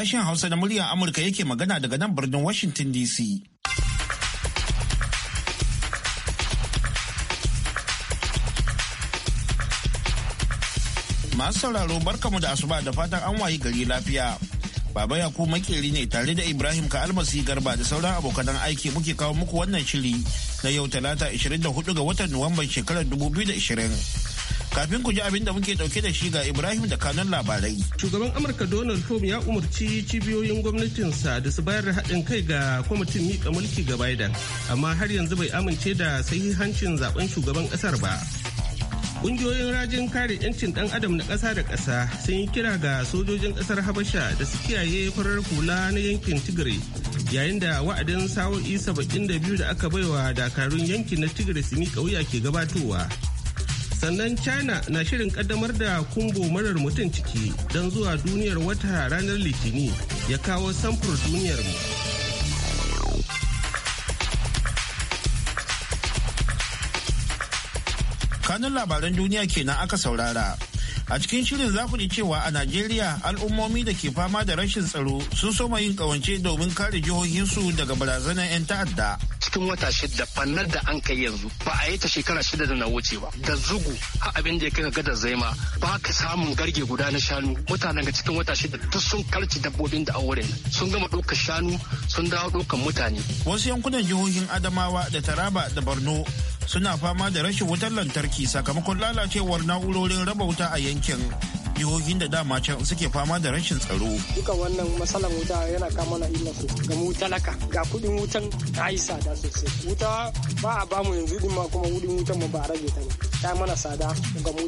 Sashen Hausa na muryar Amurka yake magana daga nan birnin Washington DC. Masu sauraro barkamu da asuba da fatan an wayi gari lafiya. Baba Yakubu makeri ne tare da Ibrahim ka almasi garba da sauran abokan aiki muke kawo muku wannan shiri na yau talata 24 ga watan Nuwamban shekarar 2020. Kafin ku ji abin da muke dauke da shi ga Ibrahim da kanun labarai. Shugaban Amurka Donald Trump ya umarci cibiyoyin gwamnatinsa da su bayar da haɗin kai ga kwamitin miƙa mulki ga Biden, amma har yanzu bai amince da sahihancin zaben shugaban ƙasar ba. Ƙungiyoyin rajin kare 'yancin ɗan adam na ƙasa da ƙasa sun yi kira ga sojojin ƙasar Habasha da su kiyaye farar hula na yankin Tigray yayin da wa'adin sa'o'i 72 da aka baiwa dakarun yankin na Tigray su miƙa wuya ke gabatowa. sannan china na shirin kaddamar da kumbo marar mutum ciki don zuwa duniyar wata ranar litini ya kawo samfur duniyar mu kanun labaran duniya kenan aka saurara A cikin shirin za ku ji cewa a Najeriya al'ummomi da ke fama da rashin tsaro sun soma yin kawance domin kare jihohinsu daga barazanar 'yan ta'adda. Cikin wata shida fannar da an kai yanzu ba a yi ta shekara shida da na wuce ba. Da zugu har abin da ya kai ga da zaima ba ka samun garge guda na shanu mutanen ga cikin wata shida duk sun karci dabbobin da aure sun gama ɗaukar shanu sun dawo ɗaukar mutane. Wasu yankunan jihohin Adamawa da Taraba da Borno suna fama da rashin wutar lantarki sakamakon lalacewar na'urorin raba wuta a yankin jihohin da dama can suke fama da rashin tsaro. Duka wannan matsalan wuta yana kama na illa ga wuta ga kudin wutan ta yi tsada sosai. Wuta ba a bamu yanzu din ma kuma kudin wutan mu ba a rage ta ne. Ta mana tsada ga mu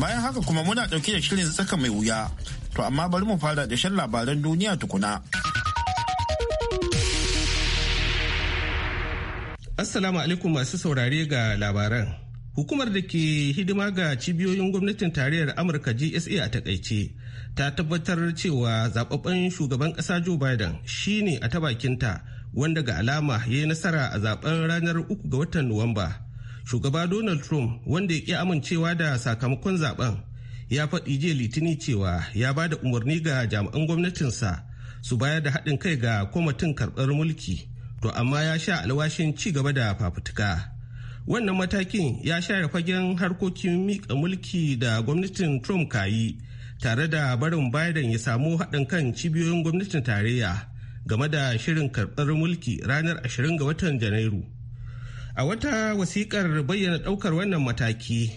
Bayan haka kuma muna dauke da shirin tsaka mai wuya. To amma bari mu fara da shan labaran duniya tukuna. Assalamu alaikum masu saurare ga labaran. Hukumar da ke hidima ga cibiyoyin gwamnatin tarayyar Amurka GSA a takaice ta tabbatar cewa zababben shugaban ƙasa Joe Biden shine a ta bakinta wanda ga alama ya yi nasara a zaben ranar uku ga watan Nuwamba. Shugaba Donald Trump wanda ya ƙi amincewa da sakamakon zaben ya faɗi jiya litini cewa ya ba da umarni ga jami'an gwamnatinsa su bayar da haɗin kai ga kwamitin karɓar mulki. to amma ya sha alwashin ci gaba da fafutuka wannan matakin ya share fagen harkokin miƙa mulki da gwamnatin trump kayi tare da barin biden ya samu haɗin kan cibiyoyin gwamnatin tarayya game da shirin karɓar mulki ranar 20 ga watan janairu a wata wasiƙar bayyana ɗaukar wannan mataki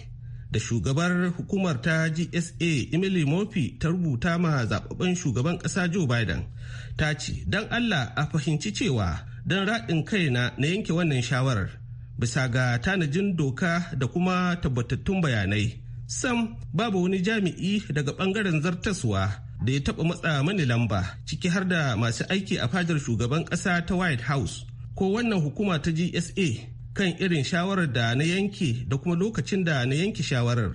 da shugabar hukumar ta gsa emily murphy ta rubuta ma zababben shugaban ƙasa joe biden ta ce don allah a fahimci cewa don raɗin kaina na yanke wannan shawarar bisa ga tanajin doka da kuma tabbatattun bayanai sam babu wani jami'i daga ɓangaren zartaswa da ya taɓa matsa mani lamba ciki har da masu aiki a fadar shugaban ƙasa ta white house ko wannan hukuma ta gsa kan irin shawarar da na yanke da kuma lokacin da na yanke shawarar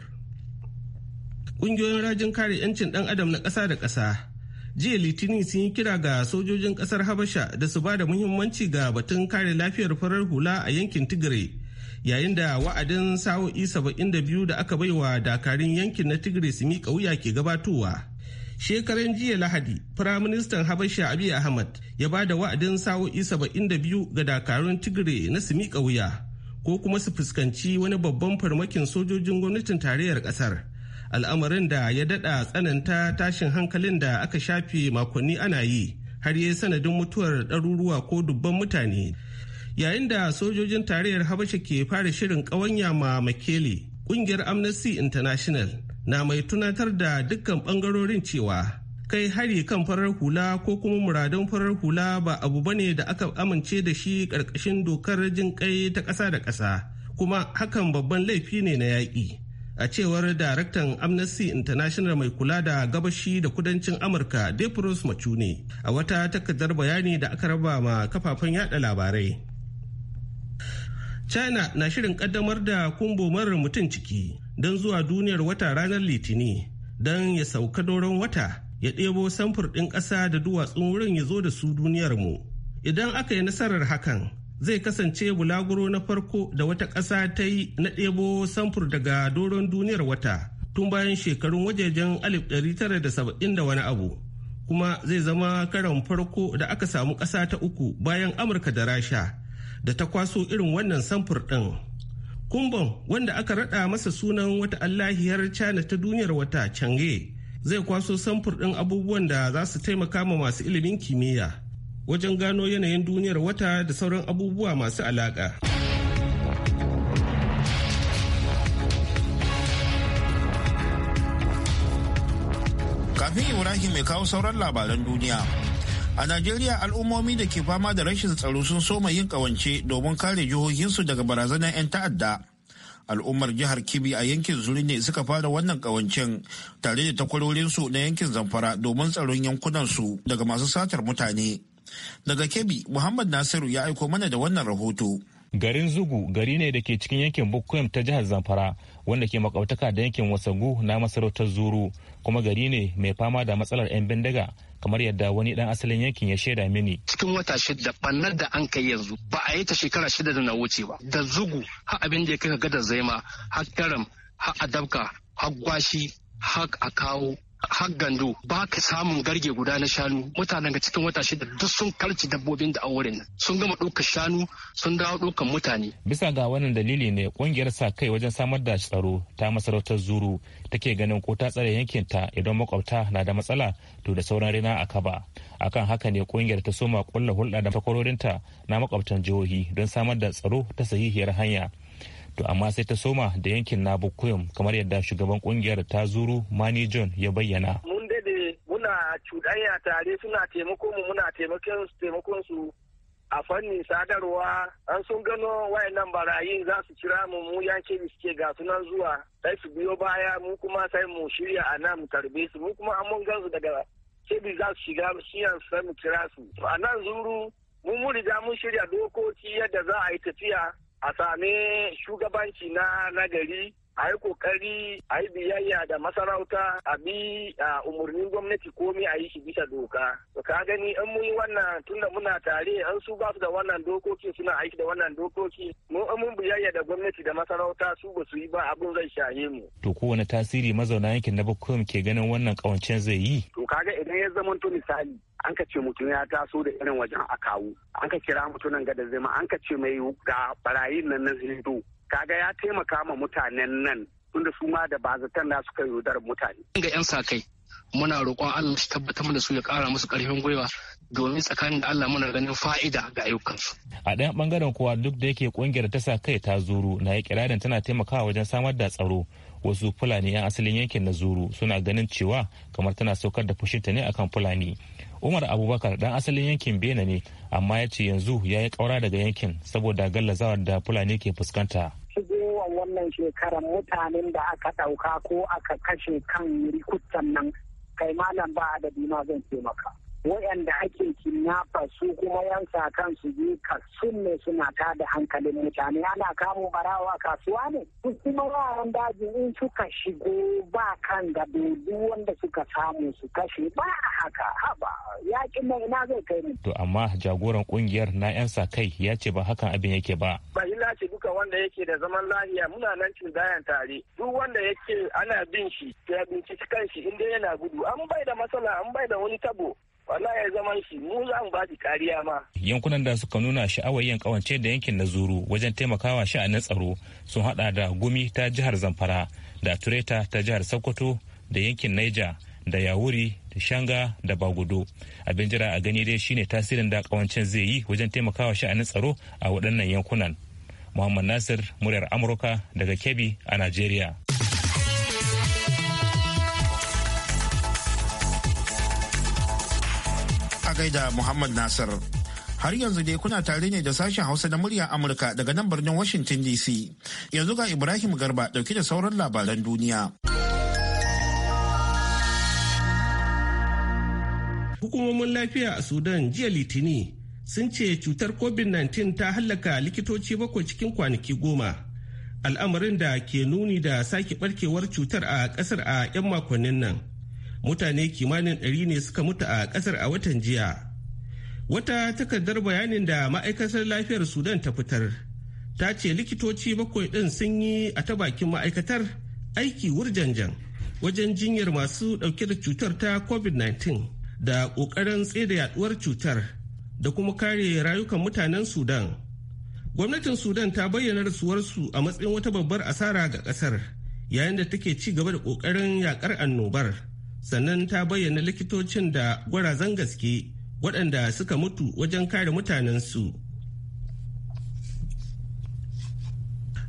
ƙungiyoyin rajin kare 'yancin ɗan adam na ƙasa da ƙasa jiya litinin sun yi kira ga sojojin kasar habasha da su ba da muhimmanci ga batun kare lafiyar farar hula a yankin tigray yayin da wa'adin sa'o'i 72 da aka baiwa dakarun yankin na tigray su miƙa wuya ke gabatowa shekaran jiya lahadi firaministan habasha abiy ahmad ya ba da wa'adin sa'o'i 72 ga dakarun tigray na su miƙa wuya ko kuma su fuskanci wani babban farmakin sojojin gwamnatin tarayyar ƙasar al'amarin da ya daɗa tsananta tashin hankalin da aka shafe makonni ana yi har yi sanadin mutuwar ɗaruruwa ko dubban mutane yayin da sojojin tarayyar habasha ke fara shirin ƙawanya ma makeli ƙungiyar amnesty international na mai tunatar da dukkan ɓangarorin cewa kai hari kan farar hula ko kuma muradun farar hula ba abu ba ne da aka amince da shi ƙarƙashin dokar jin kai ta ƙasa da ƙasa kuma hakan babban laifi ne na yaƙi a cewar daraktan amnesty international mai kula da gabashi da kudancin amurka depros ne a wata takardar bayani da aka raba ma kafafen yada labarai china na shirin kaddamar da kumbo marar mutum ciki don zuwa duniyar wata ranar litini don ya sauka doron wata ya ɗebo samfur ɗin ƙasa da duwatsun wurin ya zo da su duniyar idan aka yi nasarar hakan zai kasance bulaguro na farko da wata ƙasa ta yi na ɗebo samfur daga doron duniyar wata tun bayan shekarun wajejen 1970 da wani abu kuma zai zama karan farko da aka samu ƙasa ta uku bayan amurka da rasha da ta kwaso irin wannan samfur ɗin kumbon wanda aka raɗa masa sunan wata allahiyar cana ta duniyar wata cange zai kwaso samfur ɗin abubuwan da za su taimaka ma masu ilimin kimiyya wajen gano yanayin duniyar wata da sauran abubuwa masu alaƙa. Kafin Ibrahim mai kawo sauran labaran duniya. A Najeriya al'ummomi da ke fama da rashin tsaro sun soma yin ƙawance domin kare jihohinsu daga barazanar 'yan ta'adda. Al'ummar jihar Kibi a yankin Zuri ne suka fara wannan ƙawancen tare da takwarorinsu na yankin Zamfara domin tsaron yankunansu daga masu satar mutane. Daga Kebbi, Muhammad Nasiru ya aiko mana da wannan rahoto. Garin Zugu gari ne da ke cikin yankin Bukkuyam ta jihar Zamfara wanda ke makautaka da yankin Wasagu na masarautar Zuru kuma gari ne mai fama da matsalar 'yan bindiga kamar yadda wani dan asalin yankin ya shaida mini. Cikin wata shida bannar da an kai yanzu ba a yi ta shekara shida da na wuce ba. Da Zugu har abin da ya kai ga da zaima har karam har adabka har gwashi har a kawo har gandu ba ka samun garge guda na shanu mutanen ga cikin wata shida duk sun karci dabbobin da auren sun gama ɗaukar shanu sun dawo ɗaukar mutane. Bisa ga wannan dalili ne ƙungiyar sa kai wajen samar da tsaro ta masarautar zuru take ganin ko ta tsare yankin ta idan makwabta na da matsala to da sauran rina a kaba. Akan haka ne ƙungiyar ta soma ƙulla hulɗa da fakororinta na makwabtan jihohi don samar da tsaro ta sahihiyar hanya. to amma sai ta soma da yankin na kamar yadda shugaban kungiyar ta zuru mani john ya bayyana mun dade muna cuɗanya tare suna taimako mu muna taimakon taimakon su a fannin sadarwa an sun gano wayannan barayin za su kira mu mu yanke suke ga sunan zuwa sai su biyo baya mu kuma sai mu shirya a nan mu tarbe su mu kuma an mun gansu daga kebi za su shiga shiyan sai mu kira su a nan zuru mu mun riga mun shirya dokoki yadda za a yi tafiya a sami shugabanci na nagari a yi kokari a yi biyayya da masarauta a bi a umarnin gwamnati komai a yi shi bisa doka to ka gani an mun yi wannan tunda muna tare an su ba su da wannan dokoki suna aiki da wannan dokoki mu an mun biyayya da gwamnati da masarauta su ba su yi ba abun zai shaye mu to kowane tasiri mazauna yankin na bakwai ke ganin wannan kawancen zai yi to kaga idan ya zama zamanto misali an ka ce mutum ya taso da irin wajen a kawo an ka kira mutumin gada zai ma an ka ce mai ga barayin nan na hito kaga ya taimaka ma mutanen nan tunda su ma da bazatan na suka yi rudar mutane. Ga 'yan sa kai muna roƙon Allah shi tabbatar mana su ya ƙara musu ƙarfin gwiwa domin tsakanin da Allah muna ganin fa'ida ga ayyukansu. A ɗayan ɓangaren kuwa duk da yake ƙungiyar ta sa kai ta zuru na kirarin tana taimakawa wajen samar da tsaro wasu Fulani 'yan asalin yankin na zuru suna ganin cewa kamar tana saukar da fushinta ne akan Fulani. umar abubakar dan asalin yankin bena ne amma ya ce yanzu ya yi kaura daga yankin saboda gallazawar da fulani ke fuskanta shigowar wannan shekarar mutanen da aka ɗauka ko aka kashe kan rikutan nan kai malam ba adadi ma zan taimaka wayanda ake kinyafa su kuma yansa kan su je kasun ne suna tada hankalin mutane ana kamo barawa kasuwa ne su kuma yaran daji in suka shigo ba kan ga dodu wanda suka samu su kashe ba haka haba ki nan ina zai kai ni. to amma jagoran kungiyar na yan sa kai ya ce ba hakan abin yake ba. ba ce duka wanda yake da zaman lafiya muna nan cin dayan tare duk wanda yake ana bin shi ya binciki kanshi dai yana gudu an bai da matsala an bai da wani tabo wallahi ya zaman shi mu za mu shi kariya ma yankunan da suka nuna sha'awar yin kawance da yankin na zuru wajen taimakawa sha'anin tsaro sun hada da gumi ta jihar zamfara da tureta ta jihar sokoto da yankin niger da yawuri da shanga da bagudo abin jira a gani dai shine tasirin da kawancin zai yi wajen taimakawa sha'anin tsaro a waɗannan yankunan muhammad nasir muryar amurka daga kebbi a najeriya gaida Muhammad Nasir. Har yanzu dai kuna tare ne da sashen Hausa na murya Amurka daga nan birnin Washington DC. Yanzu ga Ibrahim Garba dauke da sauran labaran duniya. Hukumomin lafiya a Sudan jiya Litini sun ce cutar COVID-19 ta hallaka likitoci bakwai cikin kwanaki goma. Al'amarin da ke nuni da sake barkewar cutar a ƙasar a 'yan makonnin nan. mutane kimanin ɗari ne suka mutu a ƙasar a watan jiya wata takardar bayanin da ma'aikatar lafiyar sudan ta fitar ta ce likitoci bakwai ɗin sun yi a ta bakin ma'aikatar aiki wurjanjan wajen jinyar masu ɗauke da cutar ta covid-19 da ƙoƙarin tsaida yaduwar cutar da kuma kare rayukan mutanen sudan gwamnatin sudan ta bayyana rasuwarsu a matsayin wata babbar asara ga ƙasar yayin da take ci gaba da ƙoƙarin yaƙar annobar sannan ta bayyana likitocin da gwarazan gaske waɗanda suka mutu wajen kare mutanensu.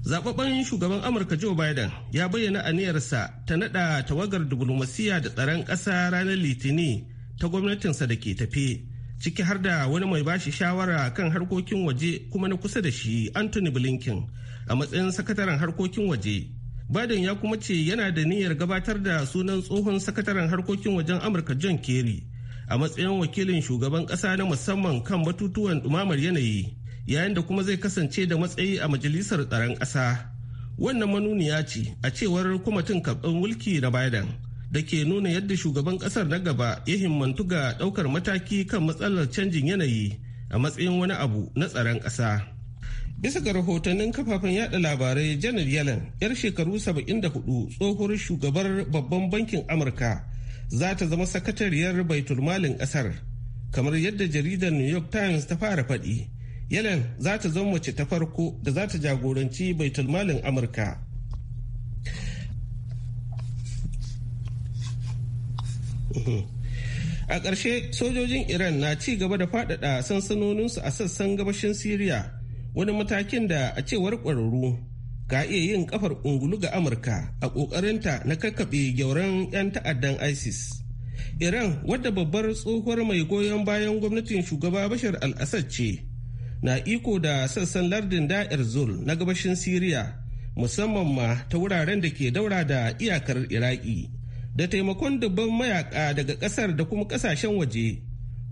Zababben shugaban Amurka Joe Biden ya bayyana aniyarsa ta naɗa tawagar diflomasiyya da tsaron ƙasa ranar Litini ta gwamnatinsa da ke tafe, ciki har da wani mai bashi shawara kan harkokin waje kuma na kusa da shi Anthony Blinken a matsayin sakataren harkokin waje. Biden ya kuma ce yana da niyyar gabatar da sunan tsohon sakataren harkokin wajen Amurka John Kerry a matsayin wakilin shugaban kasa na musamman kan batutuwan dumamar yanayi yayin da kuma zai kasance da matsayi a majalisar tsaron ƙasa. Wannan manuniya ce a cewar kwamitin karɓar mulki na Biden da ke nuna yadda shugaban ƙasar na gaba ya himmantu ga ɗaukar mataki kan matsalar canjin yanayi a matsayin wani abu na tsaron ƙasa. Bisa ga rahotannin kafafen yada labarai janar Yellen, 'yar shekaru 74 tsohuwar shugabar babban bankin Amurka za ta zama sakatariyar baitulmalin kasar Kamar yadda jaridar New York Times ta fara faɗi, Yellen za ta zama mace ta farko da za ta jagoranci baitulmalin Amurka. A ƙarshe, sojojin Iran na ci gaba da faɗaɗa sansanoninsu a sassan gabashin Siriya. wani matakin da a cewar ƙwararru ka iya yin kafar ungulu ga amurka a kokarinta na kakkaɓe gyauran 'yan ta'addan isis iran wadda babbar tsohuwar mai goyon bayan gwamnatin shugaba bashar al-assad ce na iko da sassan lardin da'ir zul na gabashin siriya musamman ma ta wuraren da ke daura da iyakar iraki da taimakon dubban mayaka daga kasar da kuma kasashen waje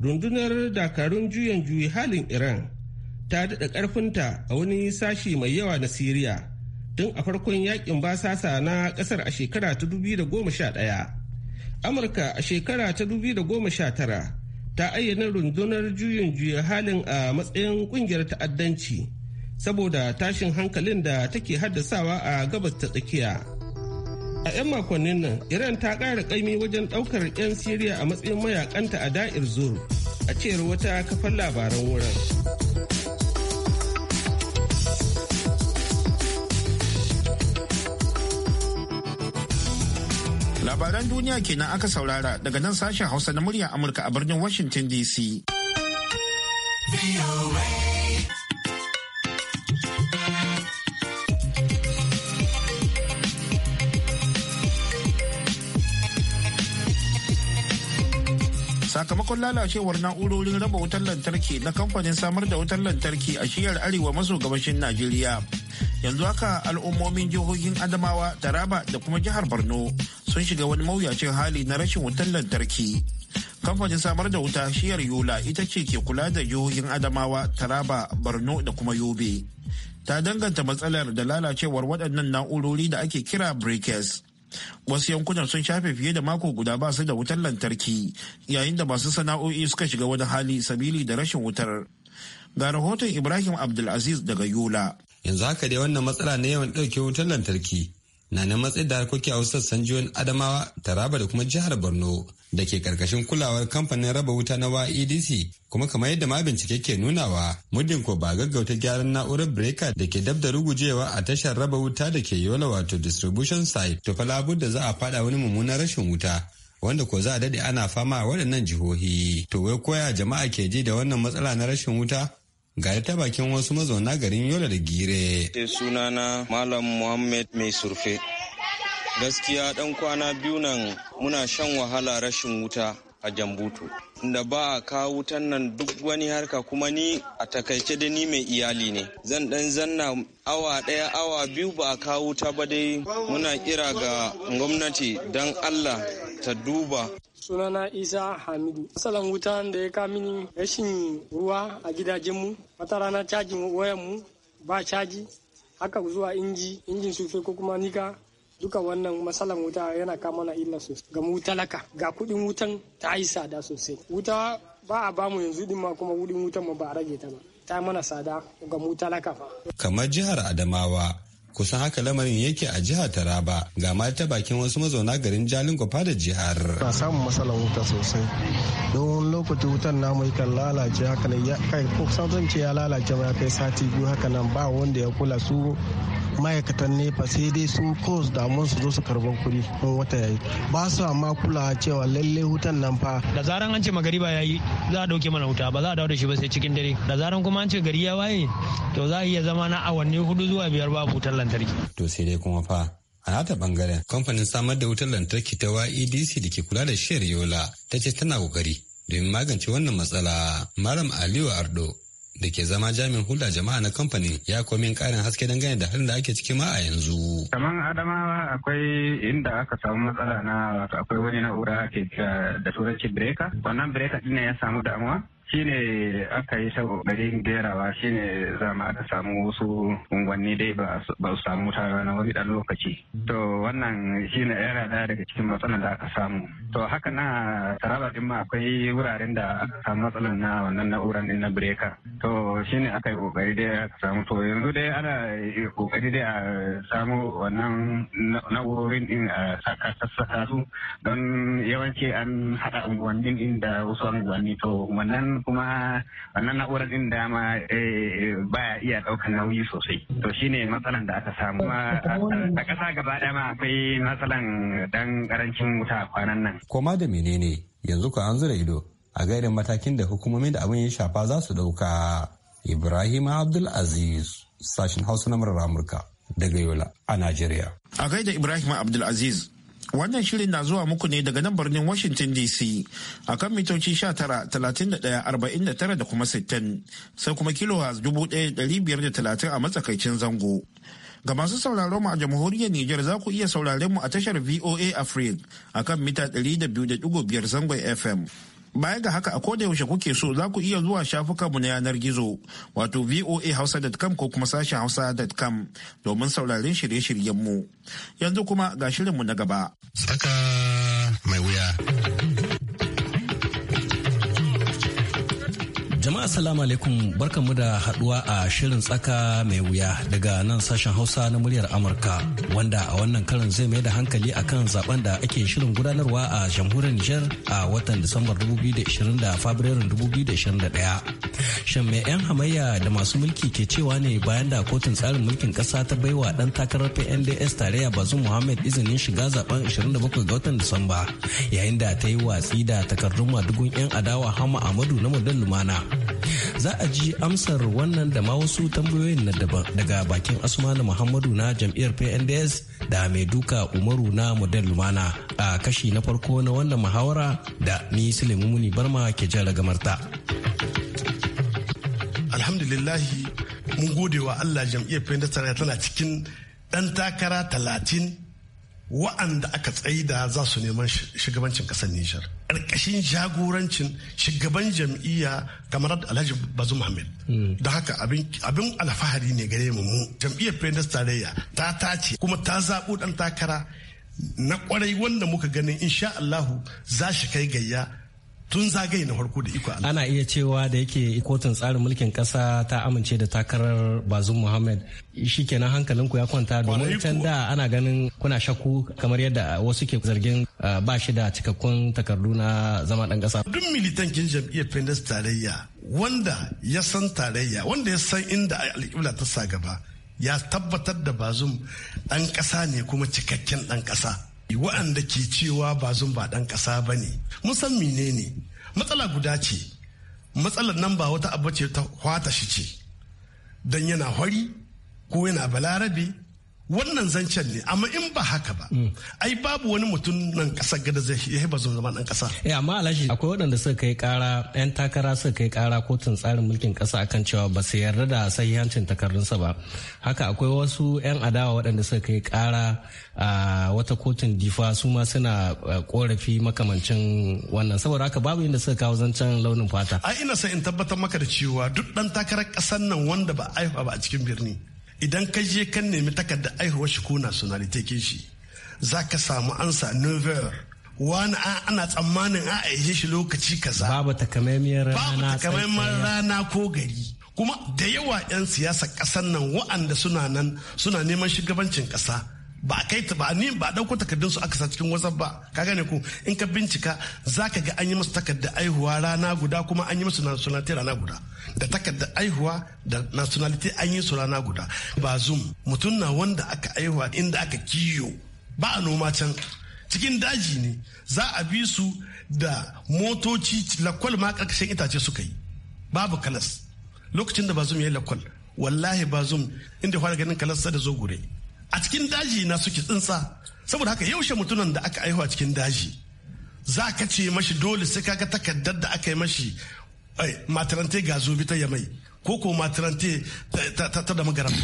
rundunar dakarun juyan juyi halin iran ta daɗa ƙarfinta a wani sashi mai yawa na Siriya tun a farkon yakin basasa na ƙasar a shekara ta 2011. Amurka a shekara ta 2019 ta ayyana rundunar juyin juya halin a matsayin ƙungiyar ta'addanci saboda tashin hankalin da take haddasawa a gabas ta tsakiya. A 'yan makonnin nan, Iran ta ƙara ƙaimi wajen ɗaukar 'yan Siriya a matsayin mayakanta a da'ir zur a cewar wata kafar labaran wurin. Labaran duniya kenan aka saurara daga nan sashen Hausa na murya Amurka a birnin Washington DC. sakamakon lalacewar na'urorin raba wutar lantarki na kamfanin samar da wutar lantarki a shiyar arewa maso gabashin najeriya yanzu haka al'ummomin jihohin adamawa taraba da kuma jihar borno sun shiga wani mawuyacin hali na rashin wutar lantarki kamfanin samar da wuta shiyar yola ita ce ke kula da jihohin adamawa taraba borno da kuma yobe ta danganta matsalar da lalacewar waɗannan na'urori da ake kira breakers wasu yankunan sun shafe fiye da mako guda ba su da wutar lantarki yayin da masu sana'o'i suka shiga wani hali sabili da rashin wutar ga rahoton ibrahim abdulaziz daga yola yanzu haka dai wannan matsala na yawan ɗauke wutar lantarki na na matsayi da harkoki a wasu sanjiyoyin adamawa taraba da kuma jihar borno da ke karkashin kulawar kamfanin raba wuta na EDC kuma kamar yadda ma bincike ke nunawa muddin ko ba gaggauta gyaran na'urar breaker da ke dab da rugujewa a tashar raba wuta da ke yola wato distribution site to fa da za a fada wani mummunan rashin wuta wanda ko za a dade ana fama a waɗannan jihohi to wai koya jama'a ke ji da wannan matsala na rashin wuta ga ta bakin wasu mazauna garin yola da gire eh, sunana malam muhammed mai surfe gaskiya dan kwana biyu nan muna shan wahala rashin wuta a jambutu da ba a kawo wutan nan duk wani harka kuma ni a takaice da ni mai iyali ne zan dan zanna awa daya awa biyu ba a kawo wuta ba dai muna kira ga gwamnati Dan allah ta duba sunana isa hamidu matsalan wutan da ya kamini rashin ruwa a gidajenmu wata rana cajin wayanmu ba caji haka zuwa inji injin sufe ko kuma nika duka wannan matsalan wuta yana kama na illa sosai ga mu talaka ga kudin wutan ta yi tsada sosai wuta ba a bamu yanzu din ma kuma wudin wutan ma ba a rage ta ba ta mana tsada ga mu talaka fa kamar jihar adamawa kusan haka lamarin yake a jihar taraba ga ta bakin wasu mazauna garin jalingofa da jihar na samun matsalar wuta sosai don lokacin wutan namu kan lalace haka ne kai kusan zan ce ya lalace ba kai sati biyu haka nan ba wanda ya kula su ma'aikatan nefa sai dai sun kos mun su zo su karban kuɗi mun wata yayi ba su amma kula cewa lalle hutan nan fa da zaran an ce magariba yayi za a dauke mana wuta ba za a dawo da shi ba sai cikin dare da zaran kuma an ce gari ya waye to za a iya zama na awanni hudu zuwa biyar babu wutar lantarki. To sai dai kuma fa a nata bangaren kamfanin samar da wutar lantarki ta YEDC da ke kula da shiyar Yola ta ce tana kokari domin magance wannan matsala. Malam Aliyu Ardo da ke zama jami'in hulɗa jama'a na kamfanin ya komin ƙarin haske dangane da halin da ake ciki ma a yanzu. Kaman Adamawa akwai inda aka samu matsala na wato akwai wani na'ura ke da turanci breaker. Wannan breaker ɗin ne ya samu damuwa shine aka yi ta gerawa shine zama aka samu wasu unguwanni dai ba su samu tara na wani dan lokaci to wannan shine yana daya daga cikin matsalar da aka samu to haka na taraba din ma akwai wuraren da aka samu matsalar na wannan na'urar din na breka to shine aka yi kokari dai aka samu to yanzu dai ana kokari dai a samu wannan na'urorin din a saka su don yawanci an haɗa unguwannin din da wasu unguwanni to wannan kuma wannan na'urar din dama eh, baya iya ɗaukan nauyi sosai to shine matsalan da aka samu a ƙasa gaba daya ma akwai matsalan dan karancin wuta kwanan nan. koma da menene yanzu ka an zura ido a gairin matakin da hukumomin da abin ya shafa za su ɗauka ibrahim abdulaziz sashen hausa na murar amurka daga yola a najeriya a gaida ibrahim abdulaziz Wannan shirin na zuwa muku ne daga nan birnin Washington DC a kan mitoci 19,31,49 da kuma 60 sai kuma da 1,530 a matsakaicin zango. Ga masu sauraron mu a jamhuriyar niger za ku iya sauraren mu a tashar VOA afril a kan mita 200.5 zangon FM. Baya ga haka a koda yaushe kuke so za ku iya zuwa shafukanmu na yanar gizo wato voahausa.com ko kuma sashen hausa.com domin sauraren shirye-shiryenmu. Yanzu kuma ga shirinmu na gaba. Tsaka mai wuya. Jama'a salamu alaikum barkanmu da haduwa a shirin tsaka mai wuya daga nan sashen Hausa na muryar Amurka wanda a wannan karin zai mai da hankali akan zaben da ake shirin gudanarwa a jamhuriyar Nijar a watan Disambar 2020 da Fabrairun 2021. Shan mai 'yan hamayya da masu mulki ke cewa ne bayan da kotun tsarin mulkin ƙasa ta baiwa ɗan takarar pnds tarayya bazu muhammad izinin shiga zaben 27 ga watan disamba yayin da ta yi watsi da takardun madugun 'yan adawa hama amadu na mudan lumana za a ji amsar wannan da ma wasu tambayoyin na daban daga bakin asmanu muhammadu na jam'iyyar pnds da mai duka umaru na mudan lumana a kashi na farko na wannan muhawara da ni sulaimu muni barma ke jan gamarta. alhamdulillahi mun gode wa Allah jam'iyyar Pendas tarayya tana cikin ɗan takara talatin wa'anda aka tsaida za su neman shugabancin ƙasar Nijar. Ƙarƙashin jagorancin shugaban jam'iyya kamar Alhaji Bazu Muhammad. Hmm. Don haka abin alfahari ne gare mu mu. Jam'iyyar Pendas tarayya ta tace kuma ta zaɓo ɗan takara na kwarai wanda muka ganin insha Allahu za shi kai gayya tun zagaye na farko da iko Allah. Ana iya cewa da yake kotun tsarin mulkin kasa ta amince da takarar Bazum Muhammad shi kenan ku ya kwanta domin can da ana ganin kuna shakku kamar yadda wasu ke zargin ah, ba shi da cikakkun takardu na zama dan kasa. Duk militan kin jam'iyyar Pendas tarayya wanda ya san tarayya wanda ya san inda alƙibla ta sa gaba ya tabbatar da Bazum dan kasa ne kuma cikakken dan kasa. waɗanda ke cewa bazum ba ɗan ƙasa ba ne musan menene matsala guda ce matsalar nan ba wata abu ce ta hwata shi ce don yana hori ko yana balarabe wannan zancen ne amma in ba haka ba mm. ai babu wani mutum nan kasar gada zai yi zama ɗan kasa eh amma alashi akwai waɗanda suka kai kara yan takara suka kai kara kotun tsarin mulkin kasa akan cewa ba su yarda da sahihancin takardunsa ba haka akwai wasu yan adawa waɗanda suka kai kara a wata kotun difa su ma suna korafi makamancin wannan saboda haka babu inda suka kawo zancen launin fata ai ina sai in tabbatar maka da cewa duk ɗan takarar kasar nan wanda ba aifa ba a cikin birni idan ka je kan nemi takardar aihuwar shi ko nationality kin shi za ka samu ansa novel wani ana tsammanin a aihe shi lokaci kaza babu takamaimiyar rana babu takamaimiyar rana ko gari kuma da yawa 'yan siyasa ƙasar nan wa'anda suna nan suna neman shugabancin ƙasa ba a kai ta ba ni ba dauko takardun su aka sa cikin wasan ba ka gane ko in ka bincika zaka ga an yi musu takardar aihuwa rana guda kuma an yi musu nationality rana guda da takardar aihuwa da nationality an yi su rana guda ba zum mutum na wanda aka aihuwa inda aka kiyo ba a noma can cikin daji ne za a bi su da motoci lakwal ma karkashin itace suka yi babu kalas lokacin da bazum ya yi lakwal wallahi bazum inda fara ganin kalas da zo gure a cikin daji na suke tsuntsa saboda haka yaushe mutumin da aka aihuwa cikin daji za ka ce mashi dole sai kaga takardar da aka yi mashi matarante ga zobi ta yamai ko ko matarante ta da magaram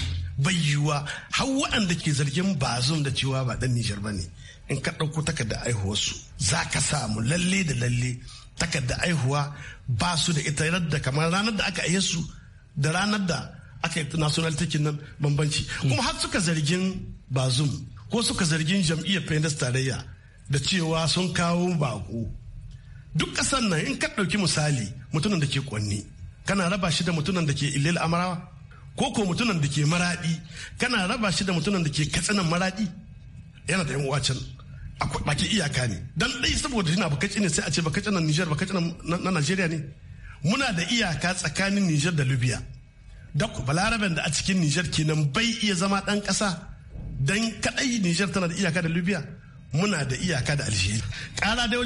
bai yiwuwa har waɗanda ke zargin bazum da cewa ba dan nijar ba ne in ka ɗauko takardar su za ka samu lalle da lalle takardar aihuwa ba su da ita da kamar ranar da aka aihe su da ranar da aka yi national takin nan bambanci kuma har suka zargin bazum ko suka zargin jam'iyyar pendas tarayya da cewa sun kawo bako duk kasan nan in ka ɗauki misali mutunan da ke kwanni kana raba shi da mutunan da ke ilil amarawa ko ko mutunan da ke maradi kana raba shi da mutunan da ke katsinan maradi. yana da yan uwa can baki iyaka ne dan dai saboda yana bakaci ne sai a ce bakaci nan Niger bakaci na Nigeria ne muna da iyaka tsakanin Niger da Libya duk balaraben da a cikin Nijar kenan bai iya zama ɗan ƙasa don kaɗai Nijar tana da iyaka da Libya muna da iyaka da Algeria. Ƙara dai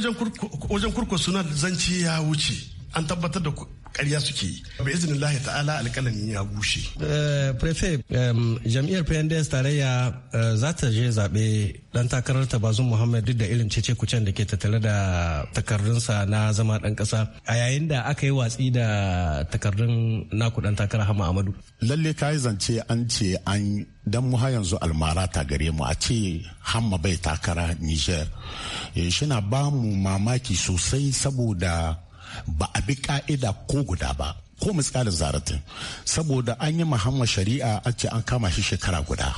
wajen kurko suna zance ya wuce an tabbatar da ƙarya suke bai Allah ya ta'ala alƙalami ya bushe. Eh, prefe jam'iyyar pnds tarayya eh, za ta je zaɓe ɗan takarar ta muhammad duk da irin cece kucen da ke tattare da takardunsa na zama ɗan ƙasa a yayin da aka yi watsi da takardun naku ɗan takara hama amadu. lalle ka yi zance an ce an dan mu har yanzu almara ta gare mu a ce Hama bai takara niger eh, Shina ba mu mamaki sosai saboda ba a bi ka'ida ko guda ba ko miskalin zaratin saboda an yi muhammad shari'a a ce an kama shi shekara guda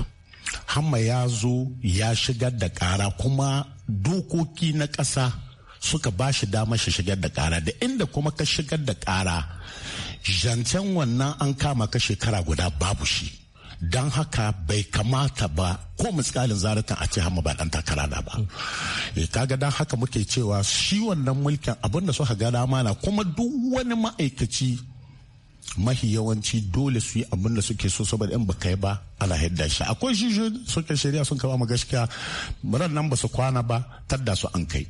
hamma ya zo ya shigar da kara kuma dokoki na ƙasa suka ba shi damar shi shigar da kara da inda kuma ka shigar da kara zancen wannan an kama ka shekara guda babu shi don haka bai kamata ba ko misalin zaratan a ce hama ba dan takara da ba e kaga dan haka muke cewa shi wannan mulkin abin da suka ga dama na kuma duk wani ma'aikaci mahi yawanci dole su yi abin da suke so saboda in baka yi ba ana hidda shi akwai shi suka shari'a sun kama gaskiya ran nan ba su kwana ba tadda su an kai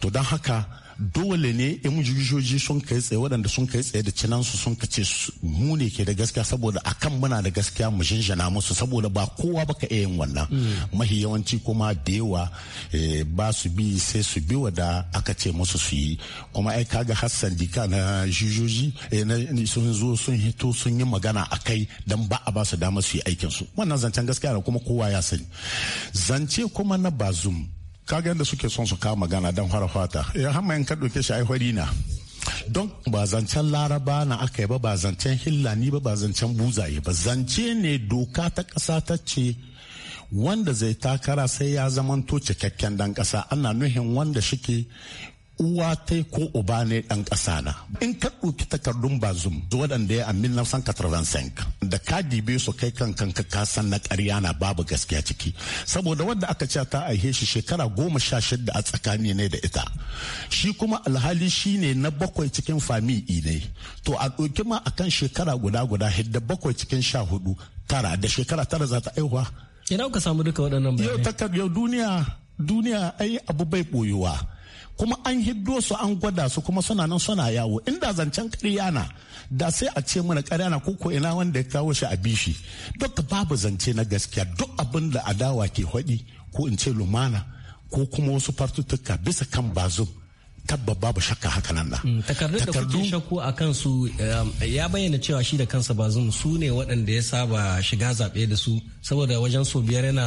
to don haka dole ne in jijiyoyi sun kai tsaye waɗanda sun kai tsaye da cinansu sun kace mu ne ke da gaskiya saboda a akan muna da gaskiya mu jinjina musu saboda ba kowa baka iya yin wannan mm. mahi yawanci kuma da yawa eh, ba su bi sai su bi wada aka ce musu su yi kuma ai kaga hassan jika na jijiyoyi eh, sun zo sun hito sun yi magana a kai dan ba a ba su dama su yi aikinsu wannan zancen gaskiya da kuma kowa ya sani zance kuma na bazum kaga da suke son su kama gana don fara fata ya eh, hama in ka ke shi ai na don ba zancen laraba na aka yi ba ba zancen ni ba ba zancen buzaye ba zance ne doka ta ƙasa ta ce wanda zai takara sai ya zamanto cikakken dan ƙasa ana nuhin wanda shike uwa ta ko uba ne ɗan ƙasa na. In ka ɗauki takardun bazum waɗanda ya a 1985 da ka dibe su kai kan kan ka san na ƙarya na babu gaskiya ciki. Saboda wanda aka ce ta aihe shi shekara goma sha shida a tsakani ne da ita. Shi kuma alhali shi ne na bakwai cikin fami'i ne. To a ɗauki ma akan shekara guda guda hidda bakwai cikin sha hudu tara da shekara tara za ta aihuwa. Ina ka samu duka waɗannan bayanai. Yau takar yau duniya duniya ai abu bai boyuwa. kuma an hiddo su an gwada su kuma suna nan suna yawo inda zancen ƙarya na da sai a ce mana ƙarya na ko ina wanda ya kawo shi a bishi duk babu zance na gaskiya duk abin da adawa ke haɗi ko in ce lumana ko kuma wasu fartutuka bisa kan bazum tabba babu shakka haka nan da. Mm, Takardu da kuke shakku a kansu um, ya bayyana cewa shi da kansa ba su ne waɗanda ya saba shiga zaɓe da su saboda wajen so biyar yana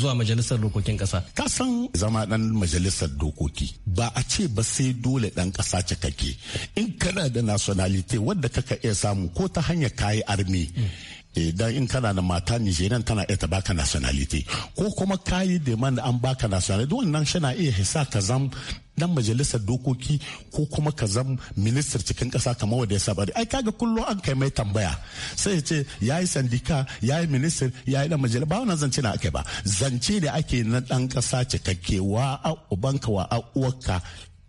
zuwa majalisar dokokin kasa. Ka san zama ɗan majalisar dokoki ba a ce ba sai dole ɗan ƙasa kake in kana da nationality wadda kaka iya samu ko ta hanyar kayi army. idan mm. eh, in kana da mata nigerian tana iya ta baka nationality ko kuma kayi demand an baka nationality wannan na iya hisa ka zam dan majalisar dokoki ko kuma ka zam ministar cikin kasa kamar wanda ya saba ai kaga kullum an kai mai tambaya sai ya ce yayi sandika yayi minister yayi dan majalisa ba wannan zance na akai ba zance ne ake na dan kasa cikakke wa a ubanka wa a uwarka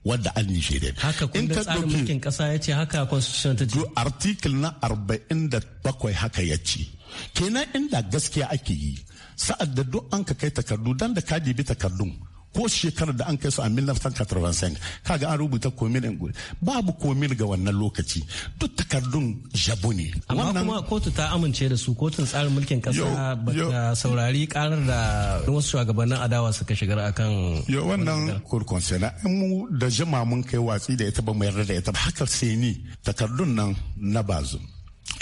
wadda an nishe da haka kundin tsarin mulkin kasa ya ce haka constitution ta ce article na 47 haka ya ce kenan inda gaskiya ake yi sa'ad da duk an ka kai takardu dan da ka bi takardun ko shekarar da an kai su a 1985 kaga an rubuta komin ingul babu komin ga wannan lokaci duk takardun jabo ne amma kuma kotu ta amince da su kotun tsarin mulkin kasa ba ta saurari karar da wasu shugabannin adawa suka shigar akan yo wannan kurkon sena mu da jama mun kai watsi da ita ba mu yarda da ita haka sai ni takardun nan na bazum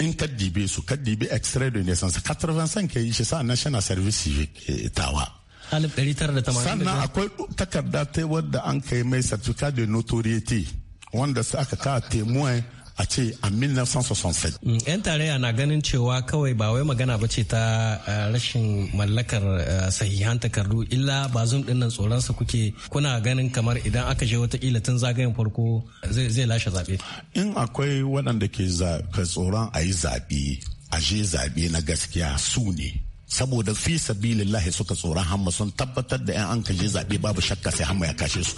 in ka dibe su ka dibe extrait de naissance 85 yi shi sa national service civic eh, tawa sannan akwai takarda ta wadda an kai mai certificat de notoriety wanda su aka ka temoin a ce a 1967. Mm, yan tarayya na ganin cewa kawai ba wai magana ba ce ta eh, rashin mallakar eh, sahihan takardu illa ba zun din nan tsoronsa kuke kuna ganin kamar idan aka je watakila tun zagayen farko zai lashe zaɓe. in akwai waɗanda ke tsoron a yi zaɓe a je zaɓe na gaskiya su ne saboda fi sabilillahi suka tsoron hamma sun tabbatar da 'yan an kashe zaɓe babu shakka sai hamma ya kashe su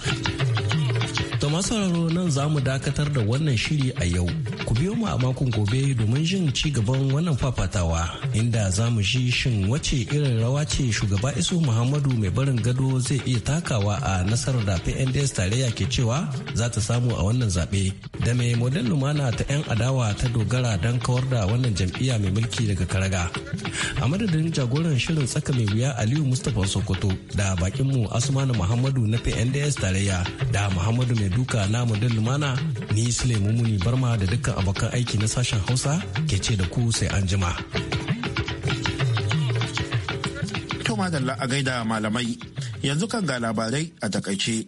masauraro nan za mu dakatar da wannan shiri a yau. Ku biyo mu a makon gobe domin jin ci gaban wannan fafatawa inda za mu ji shin wace irin rawa ce shugaba iso Muhammadu mai barin gado zai iya takawa a nasarar da PNDS tarayya ke cewa za ta samu a wannan zaɓe. Da mai model lumana ta 'yan adawa ta dogara don kawar da wannan jam'iyya mai mulki daga karaga. A madadin jagoran shirin tsaka mai wuya Aliyu Mustapha Sokoto da bakinmu Asmanu Muhammadu na PNDS tarayya da Muhammadu mai duka na model lumana ni Sulaimu Muni Barma da dukkan abokan aiki na sashen Hausa ke ce da ku sai an jima. a gaida malamai yanzu kan ga labarai a takaice.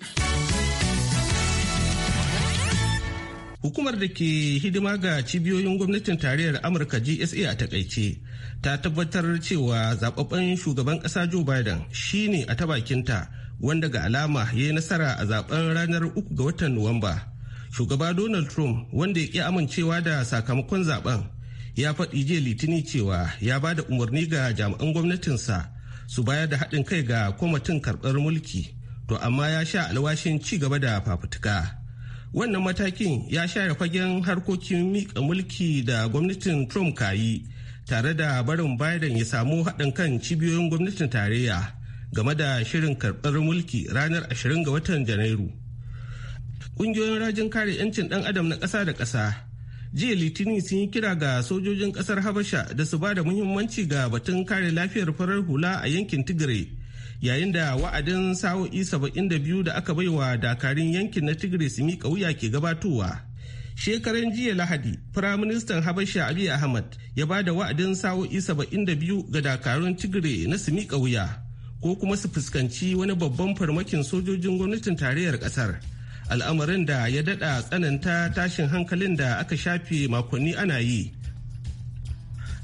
Hukumar da ke hidima ga cibiyoyin gwamnatin tarayyar Amurka GSA a takaice ta tabbatar cewa zababben shugaban ƙasa Joe Biden shine a ta bakinta. wanda ga alama ya yi nasara a zaben ranar uku ga watan nuwamba shugaba donald trump wanda ya ki amincewa da sakamakon zaben ya faɗi jiya litini cewa ya ba da umarni ga jami'an gwamnatinsa su bayar da haɗin kai ga kwamitin karɓar mulki to amma ya sha alwashin ci gaba da fafutuka wannan matakin ya share fagen harkokin miƙa mulki da gwamnatin trump kayi tare da barin biden ya samu haɗin kan cibiyoyin gwamnatin tarayya game da shirin karɓar mulki ranar 20 ga watan janairu ƙungiyoyin rajin kare 'yancin ɗan adam na ƙasa da ƙasa jiya litinin sun yi kira ga sojojin ƙasar habasha da su ba da muhimmanci ga batun kare lafiyar farar hula a yankin tigray yayin da wa'adin sa'o'i 72 da aka baiwa dakarun yankin na tigray su miƙa wuya ke gabatowa shekaran jiya lahadi firaministan habasha abiy ahmad ya ba da wa'adin sa'o'i 72 ga dakarun tigray na su miƙa wuya ko kuma su fuskanci wani babban farmakin sojojin gwamnatin tarayyar kasar al'amarin da ya dada tsananta tashin hankalin da aka shafe makonni ana yi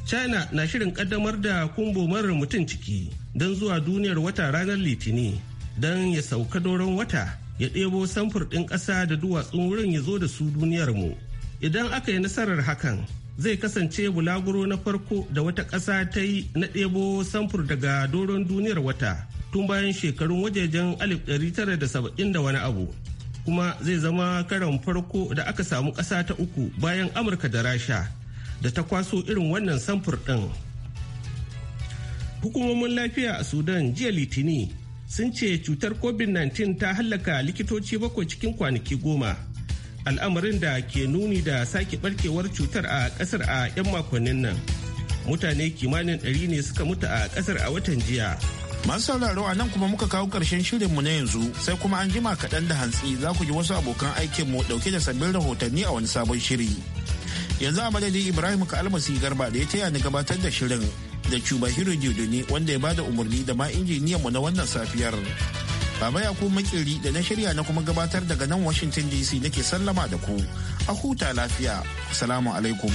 china na shirin kaddamar da kumbo marar mutum ciki don zuwa duniyar wata ranar litini don ya sauka doron wata ya ɗebo samfur ɗin ƙasa da duwatsun wurin ya zo da su duniyar mu idan aka yi nasarar hakan zai kasance bulaguro na farko da wata ƙasa ta yi na ɗebo samfur daga doron duniyar wata tun bayan shekarun wajejen 1970 da wani abu kuma zai zama karan farko da aka samu ƙasa ta uku bayan amurka da rasha da ta kwaso irin wannan samfur ɗin hukumomin lafiya a sudan jiya litini sun ce cutar covid-19 ta hallaka likitoci bakwai cikin kwanaki goma al'amarin da ke nuni da sake barkewar cutar a kasar a 'yan makonnin nan mutane kimanin 100 ne suka mutu a kasar a watan jiya masu sauraro a nan kuma muka kawo karshen shirinmu na yanzu sai kuma an jima kaɗan da hantsi za ku ji wasu abokan aikinmu ɗauke da sabbin rahotanni a wani sabon shiri yanzu a madadin ibrahim ka almasi garba da ya taya ni gabatar da shirin da cuba hiro ne wanda ya bada umarni da ma injiniyanmu na wannan safiyar Baba ku Makiri da na shirya na kuma gabatar daga nan Washington DC nake sallama da ku. A huta lafiya. Assalamu alaikum.